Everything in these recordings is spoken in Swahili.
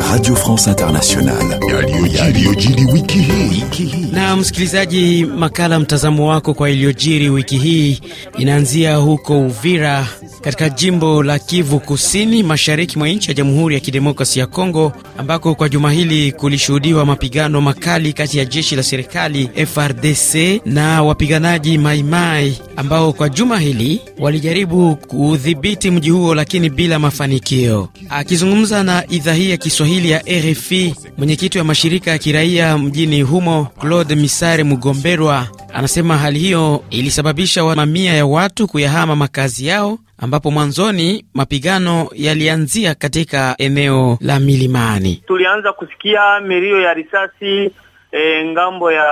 Radio France Internationale. wiki hii. Na msikilizaji, makala mtazamo wako kwa iliyojiri wiki hii inaanzia huko Uvira katika jimbo la Kivu Kusini, mashariki mwa nchi ya Jamhuri ya Kidemokrasi ya Kongo, ambako kwa juma hili kulishuhudiwa mapigano makali kati ya jeshi la serikali FRDC na wapiganaji Maimai ambao kwa juma hili walijaribu kuudhibiti mji huo, lakini bila mafanikio. Akizungumza na idhaa hii ya Kiswahili ya RFI, mwenyekiti wa mashirika ya kiraia mjini humo Claude Misare Mugomberwa anasema hali hiyo ilisababisha mamia ya watu kuyahama makazi yao ambapo mwanzoni mapigano yalianzia katika eneo la milimani. Tulianza kusikia milio ya risasi e, ngambo ya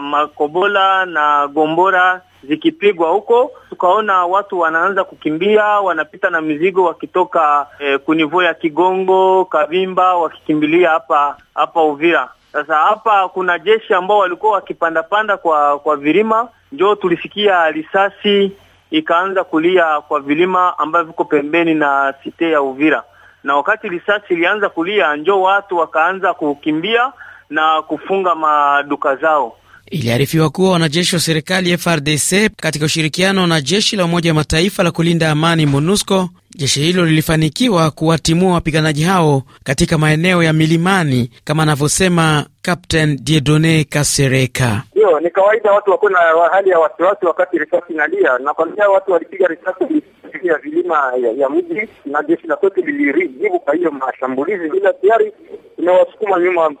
Makobola na Gombora zikipigwa huko, tukaona watu wanaanza kukimbia, wanapita na mizigo wakitoka e, kunivo ya Kigongo, Kavimba, wakikimbilia hapa hapa Uvira. Sasa hapa kuna jeshi ambao walikuwa wakipandapanda kwa kwa vilima, njo tulisikia risasi ikaanza kulia kwa vilima ambavyo viko pembeni na site ya Uvira, na wakati risasi ilianza kulia, njo watu wakaanza kukimbia na kufunga maduka zao. Iliarifiwa kuwa wanajeshi wa serikali FRDC katika ushirikiano na jeshi la Umoja wa Mataifa la kulinda amani MONUSCO, jeshi hilo lilifanikiwa kuwatimua wapiganaji hao katika maeneo ya milimani kama anavyosema Captain Diedone Kasereka. Ndio, ni kawaida watu wako na hali ya wasiwasi wakati risasi inalia. Nakwambia watu walipiga risasi ya vilima ya, ya mji na jeshi la kwetu lilijibu kwa hiyo mashambulizi, bila tayari tumewasukuma nyuma,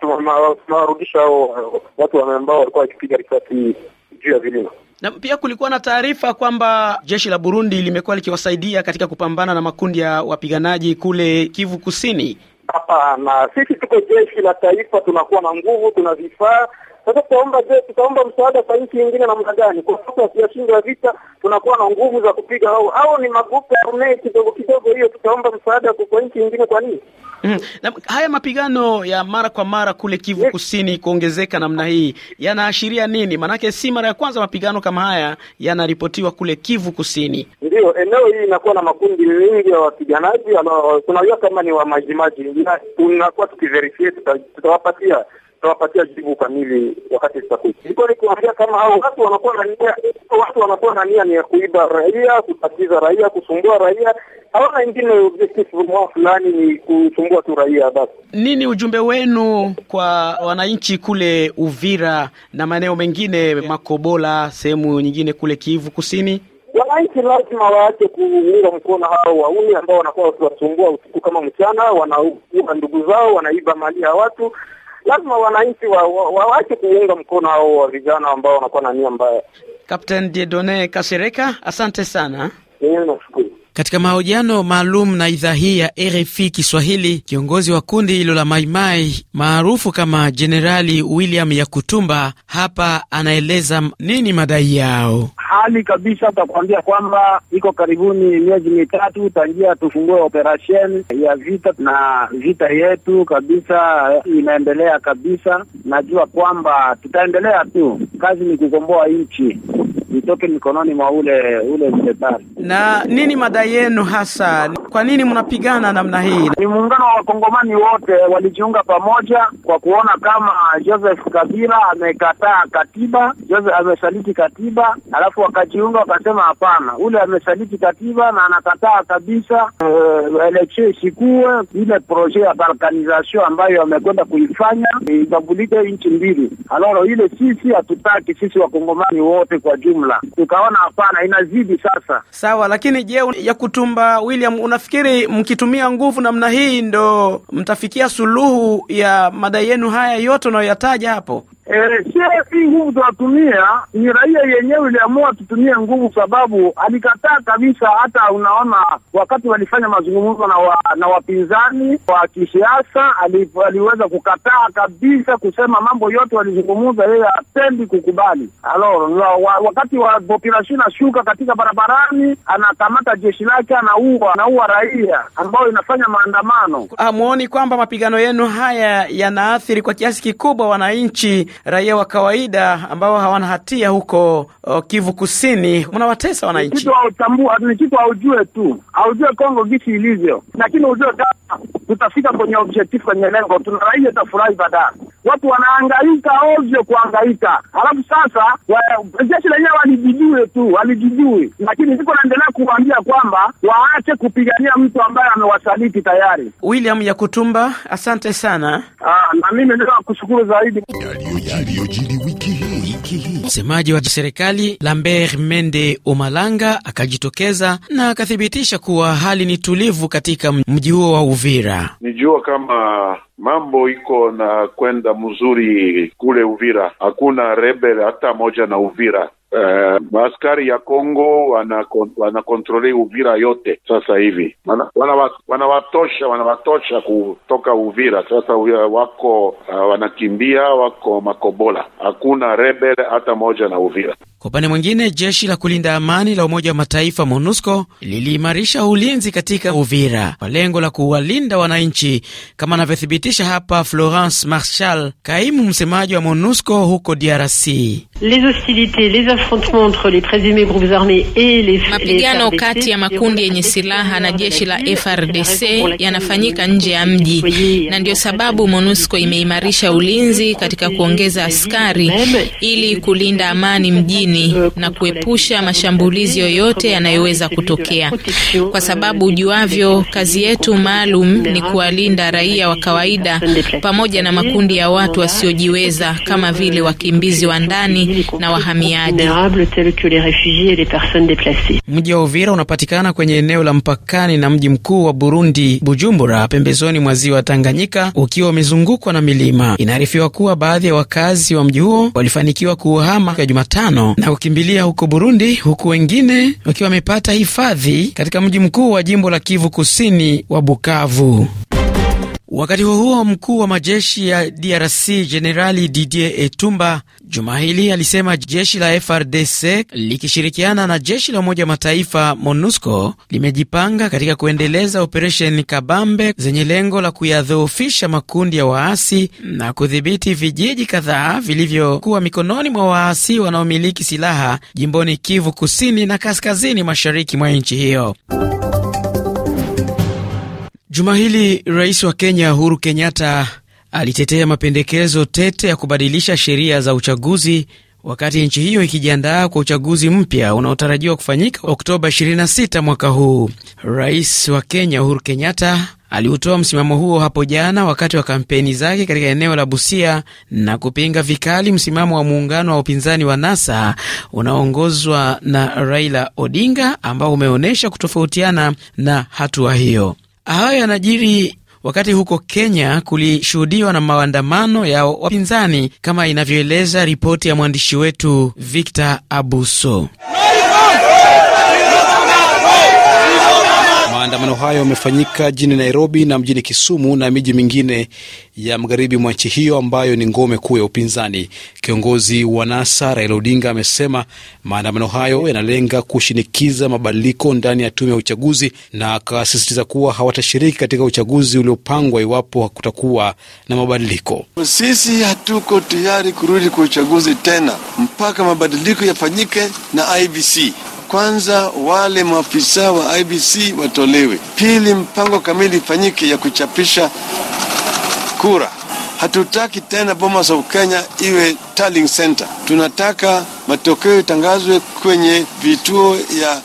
tumewarudisha hao watu ambao walikuwa wakipiga risasi juu ya vilima na pia kulikuwa na taarifa kwamba jeshi la Burundi limekuwa likiwasaidia katika kupambana na makundi ya wapiganaji kule Kivu Kusini. Hapana, sisi tuko jeshi la taifa, tunakuwa na nguvu, tuna vifaa sasa tutaomba, je, tutaomba msaada kwa nchi nyingine namna gani? Kwa sababu hatujashindwa vita, tunakuwa na nguvu za kupiga au au ni magupu ya armee kidogo kidogo, hiyo tutaomba msaada kwa nchi nyingine kwa nini? Mm. Na, haya mapigano ya mara kwa mara kule Kivu Kusini kuongezeka namna hii yanaashiria nini? Maanake si mara ya kwanza mapigano kama haya yanaripotiwa kule Kivu Kusini. ndio eneo hili inakuwa na makundi mengi ya wapiganaji, tunajua kama ni wa majimaji, tunakuwa tukiverify, tutawapatia tuta tutawapatia jibu kamili wakati tutakuja. ni kuambia kama hao watu wanakuwa na nia, watu wanakuwa na nia ni ya kuiba raia, kutatiza raia, kusumbua raia, hawana ingine objective fulani, ni kusumbua tu raia basi. Nini ujumbe wenu kwa wananchi kule Uvira na maeneo mengine Makobola, sehemu nyingine kule Kivu Kusini? Wananchi lazima waache kuunga mkono hao wauni ambao wanakuwa wakiwasumbua usiku kama mchana, wanaua ndugu zao, wanaiba mali ya watu lazima wananchi wa, wa, kuunga mkono hao wa vijana ambao wanakuwa na nia mbaya. Kapteni Diedone Kasereka, asante sana. Mimi nashukuru. Katika mahojiano maalum na idhaa hii ya RFI Kiswahili, kiongozi wa kundi hilo la Maimai maarufu kama Jenerali William Yakutumba hapa anaeleza nini madai yao. Hali kabisa takuambia kwamba iko karibuni miezi mitatu tangia tufungue operesheni ya vita, na vita yetu kabisa inaendelea kabisa. Najua kwamba tutaendelea tu, kazi ni kukomboa nchi itoke mikononi mwa ule ule mletari. Na nini madai yenu hasa? Kwa nini mnapigana namna hii? Ni muungano wa wakongomani wote walijiunga pamoja kwa kuona kama Joseph Kabila amekataa katiba, Joseph amesaliti katiba, alafu wakajiunga wakasema, hapana, ule amesaliti katiba na anakataa kabisa uh, election isikuwe. Ile proje ya balkanization ambayo amekwenda kuifanya itambulike nchi mbili. Aloro ile sisi hatutaki, sisi wakongomani wote kwa jumla jumla, tukaona hapana, inazidi sasa. Sawa, lakini je, ya kutumba William, unafikiri mkitumia nguvu namna hii ndo mtafikia suluhu ya madai yenu haya yote unayoyataja hapo? Hii eh, nguvu tunatumia ni raia yenyewe iliamua tutumie nguvu, sababu alikataa kabisa. Hata unaona wakati walifanya mazungumzo na, wa, na wapinzani wa kisiasa ali, aliweza kukataa kabisa kusema mambo yote walizungumza, yeye hapendi kukubali. Alors wa, wakati wa population inashuka katika barabarani, anakamata jeshi lake, anaua anaua raia ambayo inafanya maandamano. amwoni kwamba mapigano yenu haya yanaathiri kwa kiasi kikubwa wananchi raia wa kawaida ambao hawana hatia huko o, uh, Kivu Kusini, mnawatesa wananchi. Kitu hautambua ni kitu haujue tu, haujue Kongo gisi ilivyo, lakini ujue kama tutafika kwenye objektifu kwenye lengo, tuna raia tafurahi baadaye. Watu wanaangaika ovyo kuangaika, halafu sasa jeshi lenyewe walijijue tu, walijijue. Lakini niko naendelea kuwambia kwamba waache kupigania mtu ambaye amewasaliti tayari. William Yakutumba, asante sana. Ah, na mimi ndio nakushukuru zaidi yaliyojiri wiki hii. Msemaji wa serikali Lambert Mende Omalanga akajitokeza na akathibitisha kuwa hali ni tulivu katika mji huo wa Uvira. jua kama mambo iko na kwenda mzuri kule Uvira, hakuna rebel hata moja na Uvira. Uh, eh, askari ya Kongo wanakontrole wana Uvira yote sasa hivi, wanawatosha wana wanawatosha kutoka Uvira. Sasa wako uh, wanakimbia wako Makobola, hakuna rebel hata moja na Uvira. Kwa upande mwingine, jeshi la kulinda amani la Umoja wa Mataifa MONUSCO liliimarisha ulinzi katika Uvira kwa lengo la kuwalinda wananchi, kama anavyothibitisha hapa Florence Marshal, kaimu msemaji wa MONUSCO huko DRC. Mapigano kati ya makundi yenye silaha na jeshi la FRDC yanafanyika nje ya mji, na ndiyo sababu MONUSCO imeimarisha ulinzi katika kuongeza askari ili kulinda amani mjini chini na kuepusha mashambulizi yoyote yanayoweza kutokea, kwa sababu ujuavyo, kazi yetu maalum ni kuwalinda raia wa kawaida pamoja na makundi ya watu wasiojiweza kama vile wakimbizi wa ndani na wahamiaji. Mji wa Uvira unapatikana kwenye eneo la mpakani na mji mkuu wa Burundi, Bujumbura, pembezoni mwa ziwa Tanganyika, ukiwa umezungukwa na milima. Inaarifiwa kuwa baadhi ya wakazi wa mji huo walifanikiwa kuuhama kwa Jumatano na kukimbilia huko Burundi, huku wengine wakiwa wamepata hifadhi katika mji mkuu wa jimbo la Kivu Kusini wa Bukavu. Wakati huo huo, mkuu wa majeshi ya DRC Jenerali Didier Etumba juma hili alisema jeshi la FRDC likishirikiana na jeshi la Umoja wa Mataifa MONUSCO limejipanga katika kuendeleza operesheni kabambe zenye lengo la kuyadhoofisha makundi ya waasi na kudhibiti vijiji kadhaa vilivyokuwa mikononi mwa waasi wanaomiliki silaha jimboni Kivu Kusini na kaskazini mashariki mwa nchi hiyo. Juma hili rais wa Kenya Uhuru Kenyatta alitetea mapendekezo tete ya kubadilisha sheria za uchaguzi wakati nchi hiyo ikijiandaa kwa uchaguzi mpya unaotarajiwa kufanyika Oktoba 26 mwaka huu. Rais wa Kenya Uhuru Kenyatta aliutoa msimamo huo hapo jana wakati wa kampeni zake katika eneo la Busia na kupinga vikali msimamo wa muungano wa upinzani wa NASA unaoongozwa na Raila Odinga ambao umeonyesha kutofautiana na hatua hiyo. Hayo yanajiri wakati huko Kenya kulishuhudiwa na maandamano ya wapinzani kama inavyoeleza ripoti ya mwandishi wetu Victor Abuso. Maandamano hayo yamefanyika jini Nairobi na mjini Kisumu na miji mingine ya magharibi mwa nchi hiyo ambayo ni ngome kuu ya upinzani. Kiongozi wa NASA Raila Odinga amesema maandamano hayo yanalenga kushinikiza mabadiliko ndani ya tume ya uchaguzi, na akasisitiza kuwa hawatashiriki katika uchaguzi uliopangwa iwapo hakutakuwa na mabadiliko. Sisi hatuko tayari kurudi kwa uchaguzi tena mpaka mabadiliko yafanyike na IBC kwanza wale maafisa wa IBC watolewe, pili mpango kamili ifanyike ya kuchapisha kura. Hatutaki tena Bomas of Kenya iwe tallying center, tunataka matokeo itangazwe kwenye vituo ya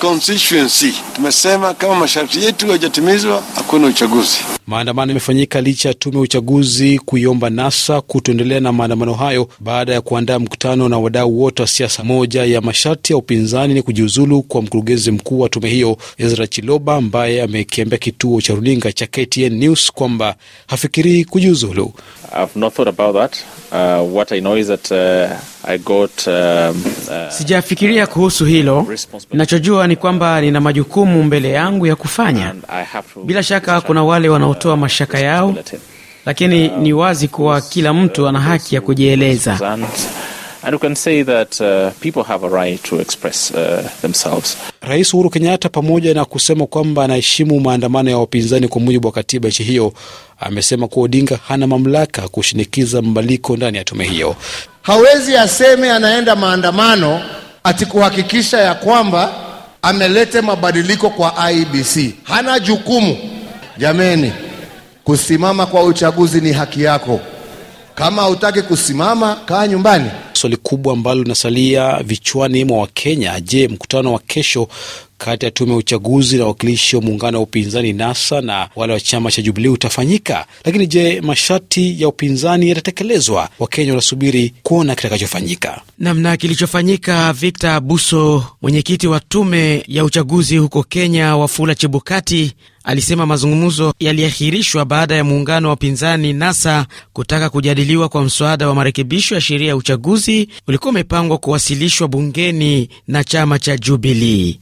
constituency. Tumesema kama masharti yetu hayajatimizwa hakuna uchaguzi. Maandamano yamefanyika licha ya tume ya uchaguzi kuiomba NASA kutoendelea na maandamano hayo baada ya kuandaa mkutano na wadau wote wa siasa. Moja ya masharti ya upinzani ni kujiuzulu kwa mkurugenzi mkuu wa tume hiyo Ezra Chiloba, ambaye amekiambia kituo cha runinga cha KTN News kwamba hafikirii kujiuzulu. Uh, uh, um, uh, sijafikiria kuhusu hilo. Nachojua ni kwamba nina majukumu majukumu mbele yangu ya kufanya. Bila shaka kuna wale wanaotoa mashaka yao, lakini um, ni wazi kuwa kila mtu uh, ana haki ya kujieleza. Uh, uh, Rais Uhuru Kenyatta, pamoja na kusema kwamba anaheshimu maandamano ya wapinzani kwa mujibu wa katiba nchi hiyo, amesema kuwa Odinga hana mamlaka kushinikiza mabadiliko ndani ya tume hiyo. Hawezi aseme anaenda maandamano ati kuhakikisha ya kwamba amelete mabadiliko kwa IBC, hana jukumu. Jameni, kusimama kwa uchaguzi ni haki yako. Kama hutaki kusimama, kaa nyumbani swali kubwa ambalo linasalia vichwani mwa Wakenya. Je, mkutano wa kesho kati ya tume ya uchaguzi na wakilishi wa muungano wa upinzani NASA na wale wa chama cha Jubilii utafanyika? Lakini je, masharti ya upinzani yatatekelezwa? Wakenya wanasubiri kuona kitakachofanyika. Namna kilichofanyika. Victor Buso, mwenyekiti wa tume ya uchaguzi huko Kenya, Wafula Chebukati alisema mazungumzo yaliahirishwa baada ya muungano wa upinzani NASA kutaka kujadiliwa kwa mswada wa marekebisho ya sheria ya uchaguzi ulikuwa umepangwa kuwasilishwa bungeni na chama cha Jubilii.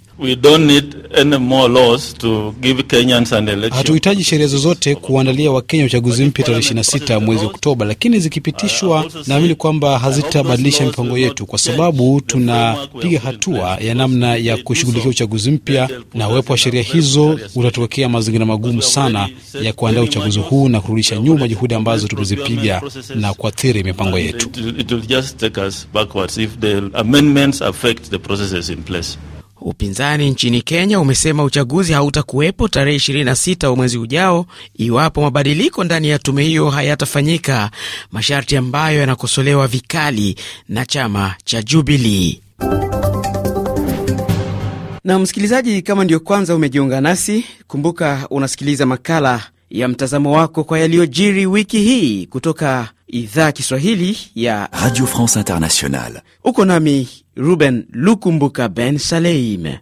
Hatuhitaji sheria zozote kuandalia Wakenya uchaguzi mpya tarehe 26 mwezi Oktoba, lakini zikipitishwa, uh, naamini kwamba hazitabadilisha mipango yetu, kwa sababu tunapiga hatua ya namna ya kushughulikia uchaguzi mpya, na uwepo wa sheria hizo utatuwekea mazingira magumu sana ya kuandaa uchaguzi huu na kurudisha nyuma juhudi ambazo tumezipiga na kuathiri mipango yetu. Upinzani nchini Kenya umesema uchaguzi hautakuwepo tarehe 26 wa mwezi ujao iwapo mabadiliko ndani ya tume hiyo hayatafanyika, masharti ambayo yanakosolewa vikali na chama cha Jubilee. Na msikilizaji, kama ndiyo kwanza umejiunga nasi, kumbuka unasikiliza makala ya mtazamo wako kwa yaliyojiri wiki hii kutoka idhaa Kiswahili ya Radio France Internationale. Uko nami Ruben Lukumbuka Ben Saleim.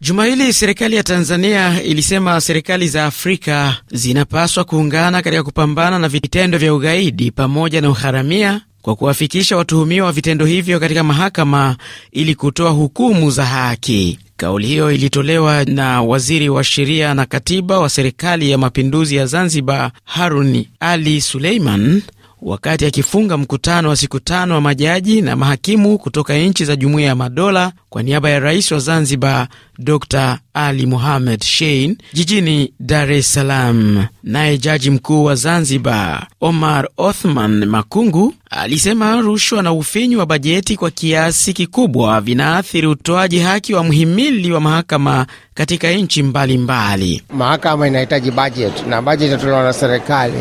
Juma hili serikali ya Tanzania ilisema serikali za Afrika zinapaswa kuungana katika kupambana na vitendo vya ugaidi pamoja na uharamia kwa kuwafikisha watuhumiwa wa vitendo hivyo katika mahakama ili kutoa hukumu za haki. Kauli hiyo ilitolewa na waziri wa sheria na katiba wa serikali ya mapinduzi ya Zanzibar, Harun Ali Suleiman, wakati akifunga mkutano wa siku tano wa majaji na mahakimu kutoka nchi za Jumuiya ya Madola kwa niaba ya rais wa Zanzibar, Dr Ali Mohamed Shein, jijini Dar es Salaam. Naye jaji mkuu wa Zanzibar, Omar Othman Makungu, alisema rushwa na ufinyu wa bajeti kwa kiasi kikubwa vinaathiri utoaji haki wa mhimili wa mahakama katika nchi mbalimbali. Mahakama inahitaji bajeti na bajeti inatolewa na serikali.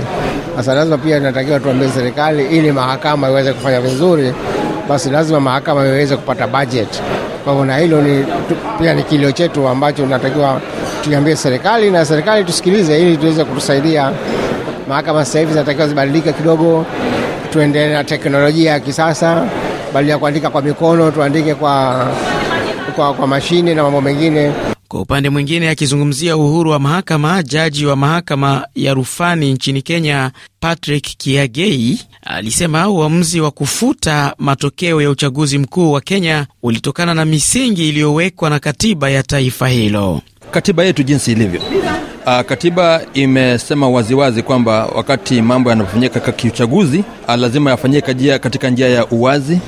Sasa lazima pia inatakiwa tuambie serikali, ili mahakama iweze kufanya vizuri, basi lazima mahakama iweze kupata bajeti. Kwa hivyo, na hilo ni pia ni kilio chetu ambacho natakiwa tuiambie serikali na serikali tusikilize, ili tuweze kutusaidia. Mahakama sasa hivi zinatakiwa zibadilike kidogo tuendelee na teknolojia ya kisasa, badala ya kuandika kwa mikono tuandike kwa, kwa, kwa mashine na mambo mengine. Kwa upande mwingine, akizungumzia uhuru wa mahakama, jaji wa mahakama ya rufani nchini Kenya Patrick Kiagei alisema uamuzi wa kufuta matokeo ya uchaguzi mkuu wa Kenya ulitokana na misingi iliyowekwa na katiba ya taifa hilo. Katiba yetu jinsi ilivyo Ah, katiba imesema waziwazi kwamba wakati mambo yanafanyika kiuchaguzi ah, lazima yafanyike katika njia ya uwazi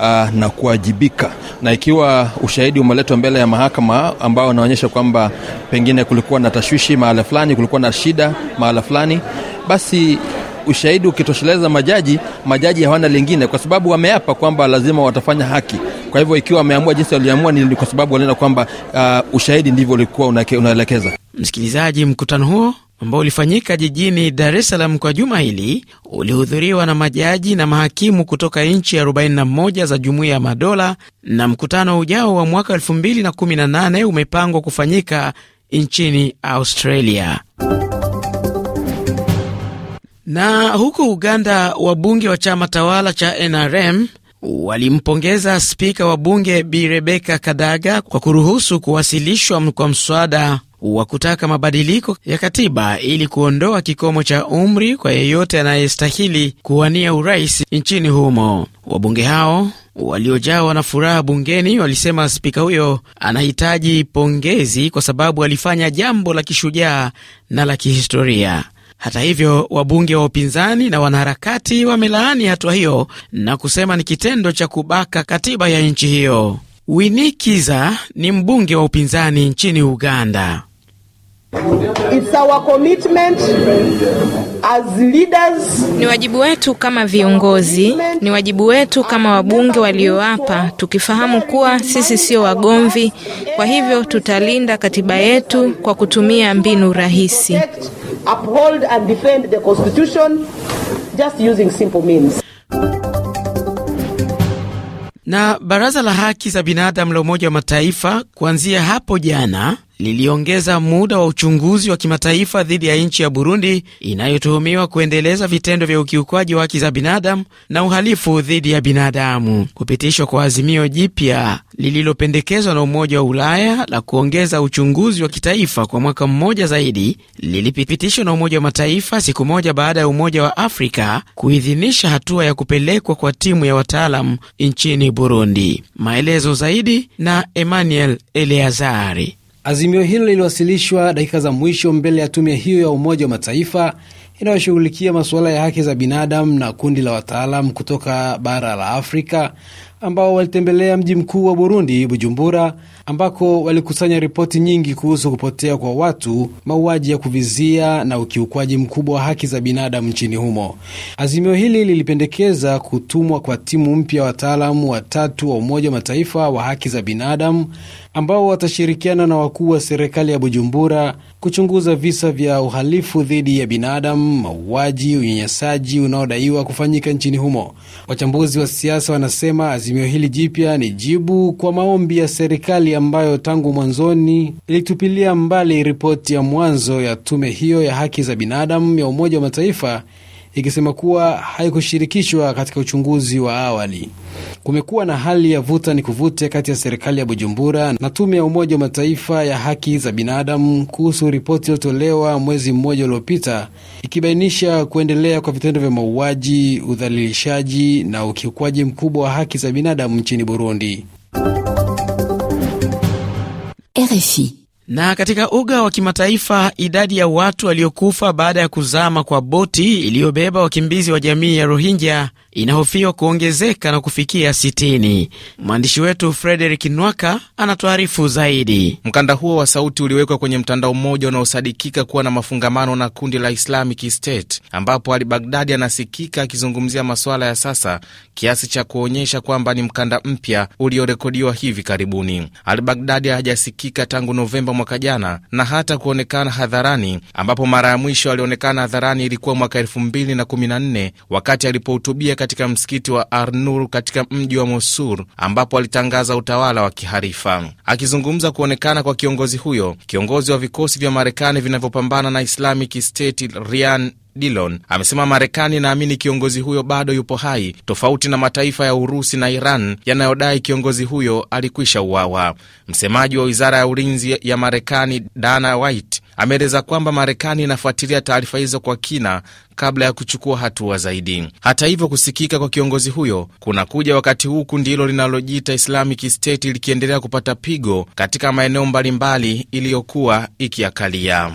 ah, na kuwajibika, na ikiwa ushahidi umeletwa mbele ya mahakama ambao unaonyesha kwamba pengine kulikuwa na tashwishi mahala fulani, kulikuwa na shida mahala fulani, basi ushahidi ukitosheleza majaji, majaji hawana lingine, kwa sababu wameapa kwamba lazima watafanya haki. Kwa hivyo ikiwa wameamua jinsi waliamua, ni kwa sababu waliona kwamba uh, ushahidi ndivyo ulikuwa unaelekeza. Msikilizaji, mkutano huo ambao ulifanyika jijini Dar es Salaam kwa juma hili ulihudhuriwa na majaji na mahakimu kutoka nchi 41 za Jumuiya ya Madola, na mkutano ujao wa mwaka 2018 umepangwa kufanyika nchini Australia. Na huko Uganda, wabunge wa chama tawala cha NRM walimpongeza spika wa bunge Bi rebeka Kadaga kwa kuruhusu kuwasilishwa kwa mswada wa kutaka mabadiliko ya katiba ili kuondoa kikomo cha umri kwa yeyote anayestahili kuwania urais nchini humo. Wabunge hao waliojawa na furaha bungeni walisema spika huyo anahitaji pongezi kwa sababu alifanya jambo la kishujaa na la kihistoria. Hata hivyo, wabunge wa upinzani na wanaharakati wamelaani hatua hiyo na kusema ni kitendo cha kubaka katiba ya nchi hiyo. Winikiza ni mbunge wa upinzani nchini Uganda. It's our commitment as leaders. Ni wajibu wetu kama viongozi, ni wajibu wetu kama wabunge walioapa, tukifahamu kuwa sisi sio wagomvi. Kwa hivyo tutalinda katiba yetu kwa kutumia mbinu rahisi. Uphold and defend the constitution just using simple means. Na Baraza la Haki za Binadamu la Umoja wa Mataifa kuanzia hapo jana liliongeza muda wa uchunguzi wa kimataifa dhidi ya nchi ya Burundi inayotuhumiwa kuendeleza vitendo vya ukiukwaji wa haki za binadamu na uhalifu dhidi ya binadamu. Kupitishwa kwa azimio jipya lililopendekezwa na Umoja wa Ulaya la kuongeza uchunguzi wa kitaifa kwa mwaka mmoja zaidi lilipitishwa na Umoja wa Mataifa siku moja baada ya Umoja wa Afrika kuidhinisha hatua ya kupelekwa kwa timu ya wataalam nchini Burundi. Maelezo zaidi na Emmanuel Eleazari. Azimio hilo liliwasilishwa dakika za mwisho mbele ya tume hiyo ya Umoja wa Mataifa inayoshughulikia masuala ya haki za binadamu na kundi la wataalam kutoka bara la Afrika ambao walitembelea mji mkuu wa Burundi, Bujumbura, ambako walikusanya ripoti nyingi kuhusu kupotea kwa watu, mauaji ya kuvizia na ukiukwaji mkubwa wa haki za binadamu nchini humo. Azimio hili lilipendekeza kutumwa kwa timu mpya wataalamu watatu wa Umoja wa Mataifa wa haki za binadamu ambao watashirikiana na wakuu wa serikali ya Bujumbura kuchunguza visa vya uhalifu dhidi ya binadamu, mauaji, unyanyasaji unaodaiwa kufanyika nchini humo. Wachambuzi wa siasa wanasema azimio Azimio hili jipya ni jibu kwa maombi ya serikali ambayo tangu mwanzoni ilitupilia mbali ripoti ya mwanzo ya tume hiyo ya haki za binadamu ya Umoja wa Mataifa ikisema kuwa haikushirikishwa katika uchunguzi wa awali. Kumekuwa na hali ya vuta ni kuvute kati ya serikali ya Bujumbura na tume ya Umoja wa Mataifa ya haki za binadamu kuhusu ripoti iliyotolewa mwezi mmoja uliopita ikibainisha kuendelea kwa vitendo vya mauaji, udhalilishaji na ukiukwaji mkubwa wa haki za binadamu nchini Burundi. RFI. Na katika uga wa kimataifa, idadi ya watu waliokufa baada ya kuzama kwa boti iliyobeba wakimbizi wa jamii ya Rohingya inahofiwa kuongezeka na kufikia 60. Mwandishi wetu Frederik Nwaka anatuarifu zaidi. Mkanda huo wa sauti uliwekwa kwenye mtandao mmoja unaosadikika kuwa na mafungamano na kundi la Islamic State, ambapo Ali bagdadi anasikika akizungumzia masuala ya sasa kiasi cha kuonyesha kwamba ni mkanda mpya uliorekodiwa hivi karibuni. Ali hajasikika tangu Novemba mwaka jana na hata kuonekana hadharani, ambapo mara ya mwisho alionekana hadharani ilikuwa mwaka 2014 wakati alipohutubia katika msikiti wa arnur katika mji wa Mosul, ambapo alitangaza utawala wa kiharifa. Akizungumza kuonekana kwa kiongozi huyo, kiongozi wa vikosi vya Marekani vinavyopambana na Islamic State Ryan Dillon amesema Marekani inaamini kiongozi huyo bado yupo hai, tofauti na mataifa ya Urusi na Iran yanayodai kiongozi huyo alikwisha uawa. Msemaji wa wizara ya ulinzi ya Marekani Dana White ameeleza kwamba Marekani inafuatilia taarifa hizo kwa kina kabla ya kuchukua hatua zaidi. Hata hivyo, kusikika kwa kiongozi huyo kunakuja wakati huu kundi hilo linalojiita Islamic State likiendelea kupata pigo katika maeneo mbalimbali iliyokuwa ikiakalia.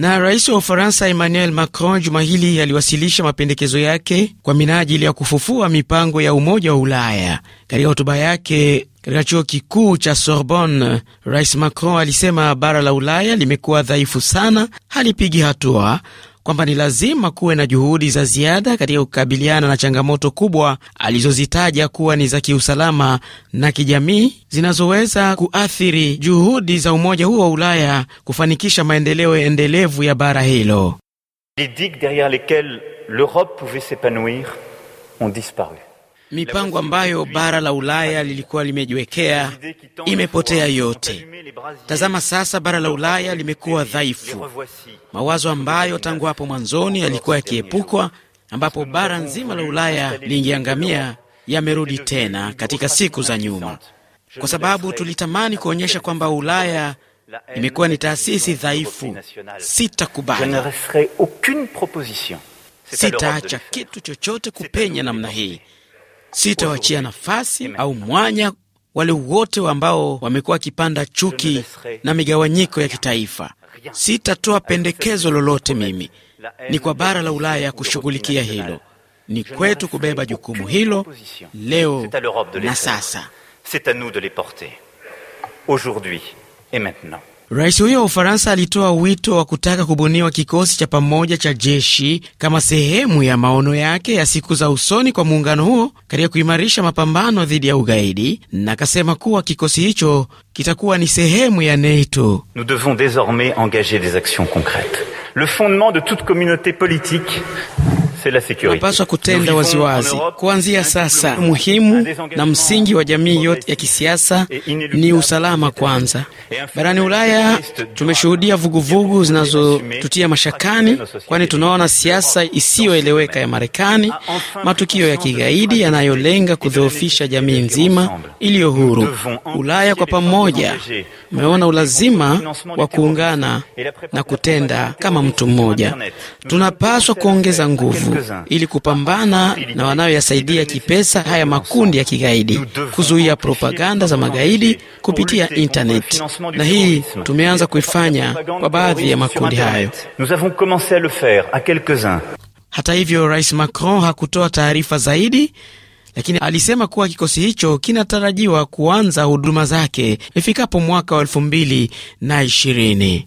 Na rais wa Ufaransa Emmanuel Macron juma hili aliwasilisha mapendekezo yake kwa minajili ya kufufua mipango ya Umoja wa Ulaya. Katika hotuba yake katika chuo kikuu cha Sorbonne, Rais Macron alisema bara la Ulaya limekuwa dhaifu sana, halipigi hatua, kwamba ni lazima kuwe na juhudi za ziada katika kukabiliana na changamoto kubwa alizozitaja kuwa ni za kiusalama na kijamii zinazoweza kuathiri juhudi za umoja huo wa Ulaya kufanikisha maendeleo endelevu ya bara hilo. Les digues derrière lesquelles l'Europe pouvait s'épanouir ont disparu mipango ambayo bara la Ulaya lilikuwa limejiwekea imepotea yote. Tazama sasa, bara la Ulaya limekuwa dhaifu. Mawazo ambayo tangu hapo mwanzoni yalikuwa yakiepukwa, ambapo bara nzima la Ulaya lingeangamia, yamerudi tena katika siku za nyuma, kwa sababu tulitamani kuonyesha kwamba Ulaya imekuwa ni taasisi dhaifu. Sitakubali, sitaacha kitu chochote kupenya namna hii sitawachia nafasi au mwanya wale wote ambao wamekuwa wakipanda chuki na migawanyiko ya kitaifa. Sitatoa pendekezo lolote mimi. Ni kwa bara la Ulaya kushughulikia hilo, ni kwetu kubeba jukumu hilo leo na sasa. Rais huyo wa Ufaransa alitoa wito wa kutaka kubuniwa kikosi cha pamoja cha jeshi kama sehemu ya maono yake ya siku za usoni kwa muungano huo katika kuimarisha mapambano dhidi ya ugaidi, na akasema kuwa kikosi hicho kitakuwa ni sehemu ya NATO. Nous devons désormais engager des actions concrètes. Le fondement de toute communauté politique tunapaswa kutenda waziwazi kuanzia sasa. Muhimu na msingi wa jamii yote ya kisiasa ni usalama kwanza. Barani Ulaya tumeshuhudia vuguvugu zinazotutia mashakani, kwani tunaona siasa isiyoeleweka ya Marekani, matukio ya kigaidi yanayolenga kudhoofisha jamii nzima iliyo huru. Ulaya kwa pamoja umeona ulazima wa kuungana na kutenda kama mtu mmoja. Tunapaswa kuongeza nguvu nguvu ili kupambana na wanayoyasaidia kipesa haya makundi ya kigaidi, kuzuia propaganda za magaidi kupitia intaneti, na hii tumeanza kuifanya kwa baadhi ya makundi hayo. Hata hivyo, Rais Macron hakutoa taarifa zaidi, lakini alisema kuwa kikosi hicho kinatarajiwa kuanza huduma zake ifikapo mwaka wa elfu mbili na ishirini.